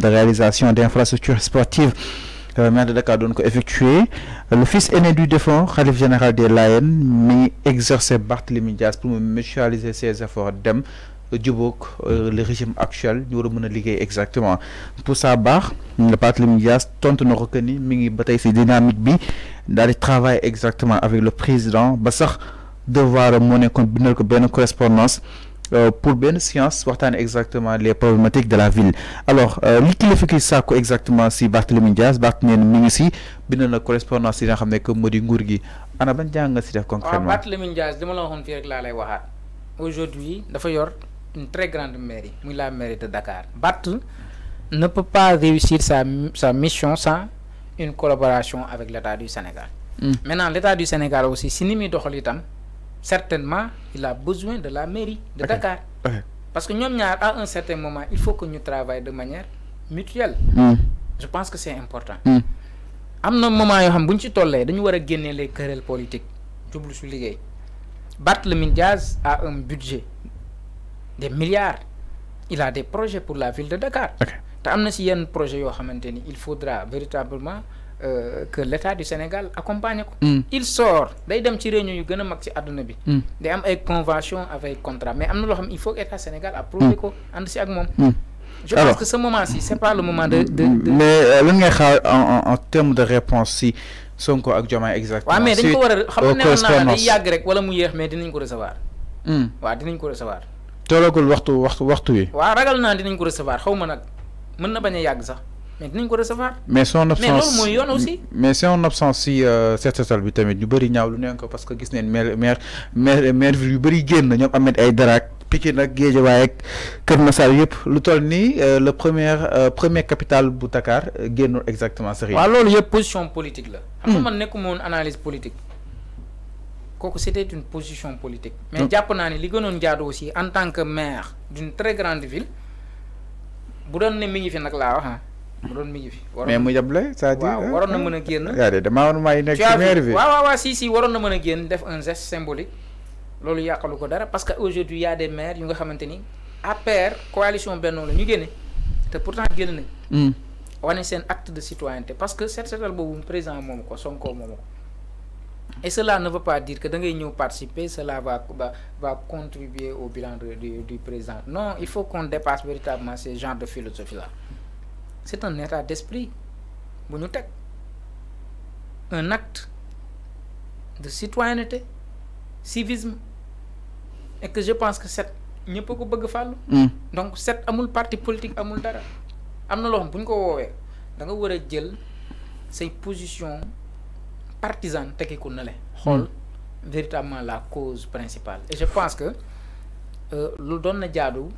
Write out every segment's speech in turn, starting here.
de réalisation d'infrastructures sportives euh, maire de Dakar donc effectué le fils aîné du défunt général des Layènes mi ngi exercer Barthélémy Dias pour mutualiser ses efforts dem djubok euh, le régime actuel ñu war a exactement pour ça part Barthélémy Dias tente de reconnaître mi ngi ba dynamique bi dans le travailler exactement avec le président ba sax devoir moné nekkoon bindal ko correspondance euh, pour bien science waxtaane exactement les problématiques de la ville alors euh, li kilifa gi ça exactement si Barthélémy Diaz, Barthélémy mi ngi si correspondance yi nga xam que moo di nguur gi ana ban jàng si def concrètement Barthélémy je vais vous la waxoon fii rek laa lay aujourd'hui dafa yor une très grande mairie la mairie de Dakar Barth ne peut pas réussir sa sa mission sans une collaboration avec l'État du Sénégal hmm. maintenant l'État du Sénégal aussi si ni muy doxal certainement il a besoin de la mairie de Dakar. Parce que nous, à un certain moment, il faut que nous travaillions de manière mutuelle. Hmm. Je pense que c'est important. À hmm. un moment nous xam bu ci tollé, dañu les querelles politiques double su liggéey le Diaz a un budget des milliards il a des projets pour la ville de Dakar te il y a un projet il faudra véritablement euh, que l'État du Sénégal accompagne ko. Mm. il sort day dem ci réunion yu gëna mag ci aduna bi. Mm. day am ay convention avec contrat mais amna lo xam il faut que état Sénégal approuve. Mm. ko and ci ak mom mm. je Alors, pense que ce moment-ci c'est pas le moment de de de. mais euh, lan ngay xaar en en terme de réponse si Sonko ak Diomaye exactement. waaw mais dañ ko wara xam na na la yag rek wala mu yéex mais dinañ ko recevoir. waaw dinañ ko recevoir. tollagul waxtu waxtu waxtu wi. wa ragal naa dinañ ko recevoir xawma nak mën na baña yag sax mais dinañ ko recevoir. mais son absence mais loolu mooy yoon aussi. mais son absence si seetatal euh, bi tamit ñu bari ñaaw lu neen ko parce que gis neen maire maire maire maire yu bëri génn ñoom Ahmed Aïdara ak Pikine ak Guédiawaye ak na Massar yépp lu toll ni euh, le premier euh, premier capital bu Dakar gennu exactement. sëriñ wa loolu yëpp position politique la. xam nga hmm. man nekkuma woon analyse politique. kooku c'était une position politique. mais hmm. japp naa ne li gënoon jaadu aussi en tant que maire d'une très grande ville bu doon ne mi ngi fi nak la wax hein, mi ngi fi. mais mu yable ça dit dire na mën a génn. yaa de may ci maire wa wa si si waroon na mën a def un geste symbolique lolou yakalu ko dara parce que aujourd'hui y a des maires yu nga xamanteni ni APR coalition Benno la ñu génne te pourtant na nañ. Hmm. wane sen acte de citoyenneté parce que cet setal bobu président mom ko Sonko moomu ko et cela ne veut pas dire que da ngay ñeu participer cela va va va contribuer au bilan du du président non il faut qu'on dépasse véritablement ces genres de philosophie là c'est un état d'esprit bu ñu un acte de citoyenneté civisme et que je pense que c'est ñëpp a ko bëgg faire. Hmm. donc cette amul parti politique amul dara am un loo xam bu ñu ko woowee da nga war a jël say position partisane tegi ko véritablement la cause principale et je pense que euh, lu doon na jaadu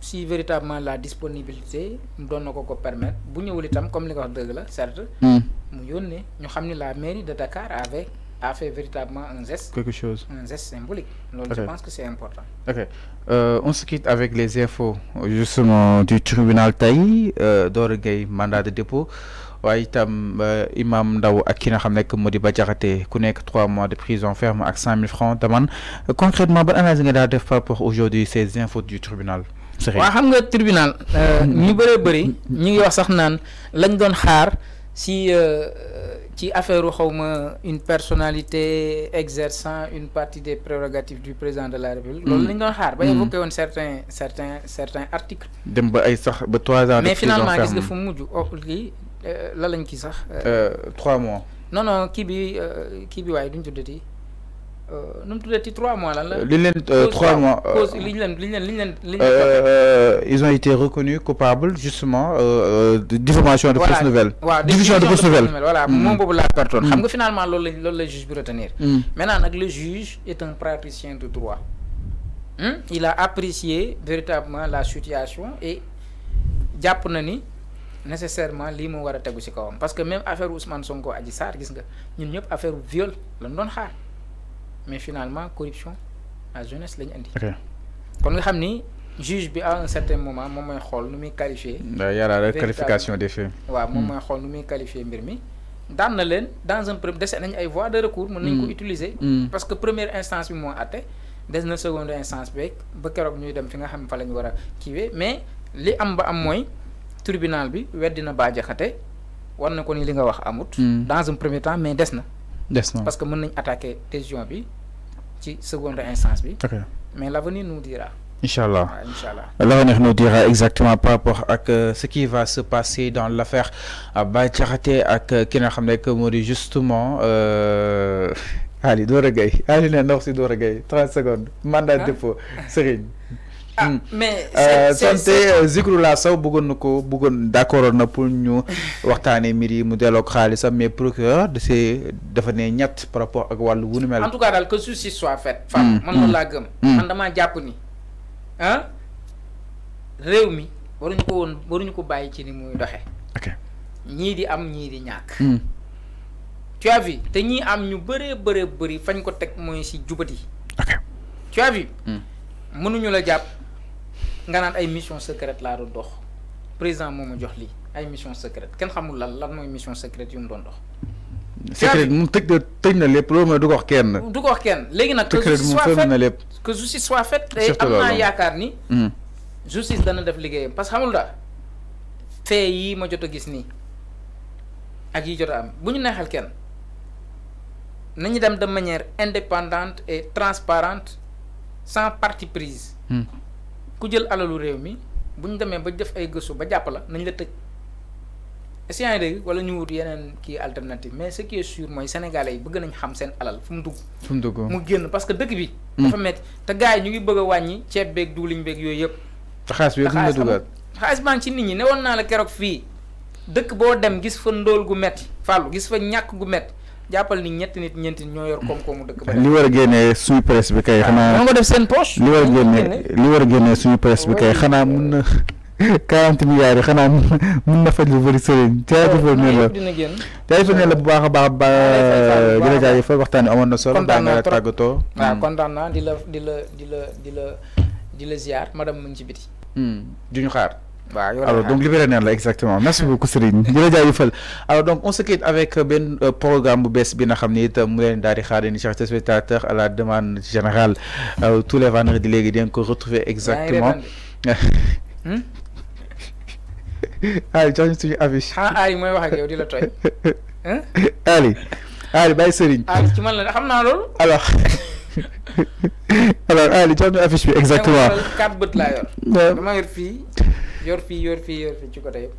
si véritablement la disponibilité doon ko ko permettre bu ñewul itam comme li nga wax deug la certes. Hmm. mu yonne ñu xamni la mairie de Dakar avait a fait véritablement un geste. quelque chose un geste symbolique. loolu je pense que c'est important. ok euh, on se quitte avec les infos justement du tribunal tey euh, Gueye mandat de dépôt waaye itam euh, Imam Ndaw ak ki nga xam nek modi ba Bah ku nek trois mois de prison ferme ak 100000 francs d'amende euh, concrètement ban analyse nga da def par rapport aujourd'hui ces infos du tribunal waaw xam nga tribunal euh, mm-hmm. ñu bëree bëri ñu ngi wax sax naan lañ doon xaar si euh, ci affaire xawma une personnalité exerçant une partie des prérogatives du président de la république loolu mm-hmm. lañ doon xaar ba évoqué mm-hmm. woon certains certains certains articles dem ba ay sax ba trois ans mais finalement gis nga fu mu mujj o oh, lii euh, la lañ kii sax trois mois non non kii bi kii bi waaye duñ tuddati euh, nu trois mois ils ont été reconnus coupables justement euh, euh, de diffamation de fausse nouvelle. diffusion de fausse nouvelle voilà Mon boobu laa pertoon. Mm. xam nga finalement le la juge peut retenir. Mm. maintenant le juge est un praticien de droit. Hmm? il a apprécié véritablement la situation et il na ni nécessairement li mo wara tagu ci kawam parce que même affaire Ousmane Sonko dit ça gis nga ñun pas affaire viol lañ xaar mais finalement corruption à jeunesse lañu andi. kon nga xam ni juge bi à un certain moment moom mooy xool nu muy qualifier bah, la qualification des faits. waaw moom hmm. mooy xool nous muy qualifier mbir mi. le na dans un premier dese nañ ay voies de recours. mën nañ ko hmm. utiliser. Hmm. parce que première instance bi m'ont àtte dans une seconde instance avec ba de ñuy dem fi nga xam fa lañ war mais li am ba am tribunal bi weddi na Bah Diakhaté war na ko ni li nga wax amut. dans un premier temps mais des na. des na parce que mën nañ attaquer décision bi ci seconde instance mais l'avenir nous dira. Inch'Allah. L'avenir nous dira exactement par rapport à euh, ce qui va se passer dans l'affaire Baïtiarate avec euh, Kina Khamdek Mori, justement. Euh... Allez, Doragay. Allez, non, c'est 30 secondes. Mandat de ah. dépôt. Serine. ah mm. mais euh, sonte euh, Zikroullah saw bëggoon na ko bëggoon d' na pour ñu waxtaanee mbir yi mu delloo ko xaalisam mais procureur de ces dafa ne ñett par rapport ak wàllu wu nu mel. en tout cas daal que justice soit faite. femme mm, man loolu mm, laa gëm. man damaa jàpp ni réew mi waruñu ko woon waruñu ko bàyyi ci ni muy doxee. ñii di am ñii di ñàkk. tu as te ñii am ñu bëree bëree fañ ko teg mooy si jubati. ok tu as mënuñu la jàpp. nga nan ay mission secrète la do dox président moo jox li ay mission secrète ken xamul lan lan moy mission secrète yu mu dox. secret moom tëj na tëj na lépp du ko wax kenn. du ko wax kenn léegi que soit fait. que justice soit faite tey yakarni. naa ni. Hmm. justice dana def liggéeyam parce que xamul daal fee yii ma jot gis ni ak yi jot am buñu nexal kenn nañu dem de manière indépendante et transparente sans parti prise. Hmm. ku jël alalu réew mi bu ñu demee ba def ay gëstu ba jàpp la nañ la tëj est-ce que dégg wala ñu wut yeneen kii alternative mais ce qui est sûr mooy sénégalais yi bëgg nañ xam seen alal fu mu dugg. fu mu génn parce que dëkk bi. Hmm. dafa métti te gars yi ñu ngi bëgg a wàññi ceeb beeg diwlin beeg yooyu yëpp. te xaalis bi yëpp la dugaat xaalis baa ngi ci nit ñi ne woon naa la keroog fii dëkk boo dem gis fa ndóol gu metti fàllu gis fa ñàkk gu métti jàppal ni ñetti nit ñeenti ñoo yor koom-koomu dëkk ba. li war a génnee suñu presse bi kay. xanaa seen poche. li war a war a suñu presse bi kay xanaa mun na. quarante milliards yi xanaa mun na faj lu bëri sëriñ jaajëfal ne la jaajëfal ne la bu baax a baax ba di la jaajëfal waxtaan wi amoon na solo daa nga tàggatoo waaw mm. kontaan naa di la di la di la di la di la ziar madame mu ngi ci biti hmm. duñu xaar Bah, alors donc li beneen la exactement merci beaucoup Serigne di la jaajëfal alors donc on se quitte avec ben programme bu bees bi nga xam ne euh, ni à la demande générale tous les vendredis les di nga ko retrouver exactement. Hmm? Hmm? allez jox ñu suñu affiche. ah Ali mooy wax ak yow di la tooy. Hmm? Ali Ali ci man la alors. alors Ali jox ñu affiche exactement. your fii your fii yor fii ci côté yëpp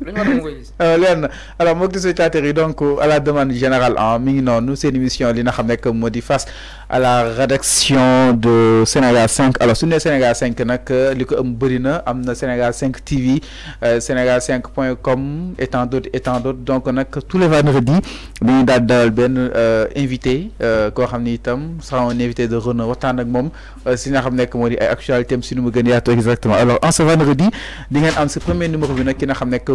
leer euh, alors moi, je suis donc euh, à la demande générale en hein, mi une nous émission li nga xam face à la rédaction de Sénégal 5 alors sur Sénégal 5 nak euh, liko am bari na am Sénégal 5 TV Sénégal 5.com et tant d'autres d'autres donc nak tous les vendredis nous dal ben invité koo xam sera un invité de renom waxtaan ak mom si nga xam nek modi ay actualité si nu gën exactement alors en ce vendredi di ngeen am premier numéro bi nak ki nga xam nek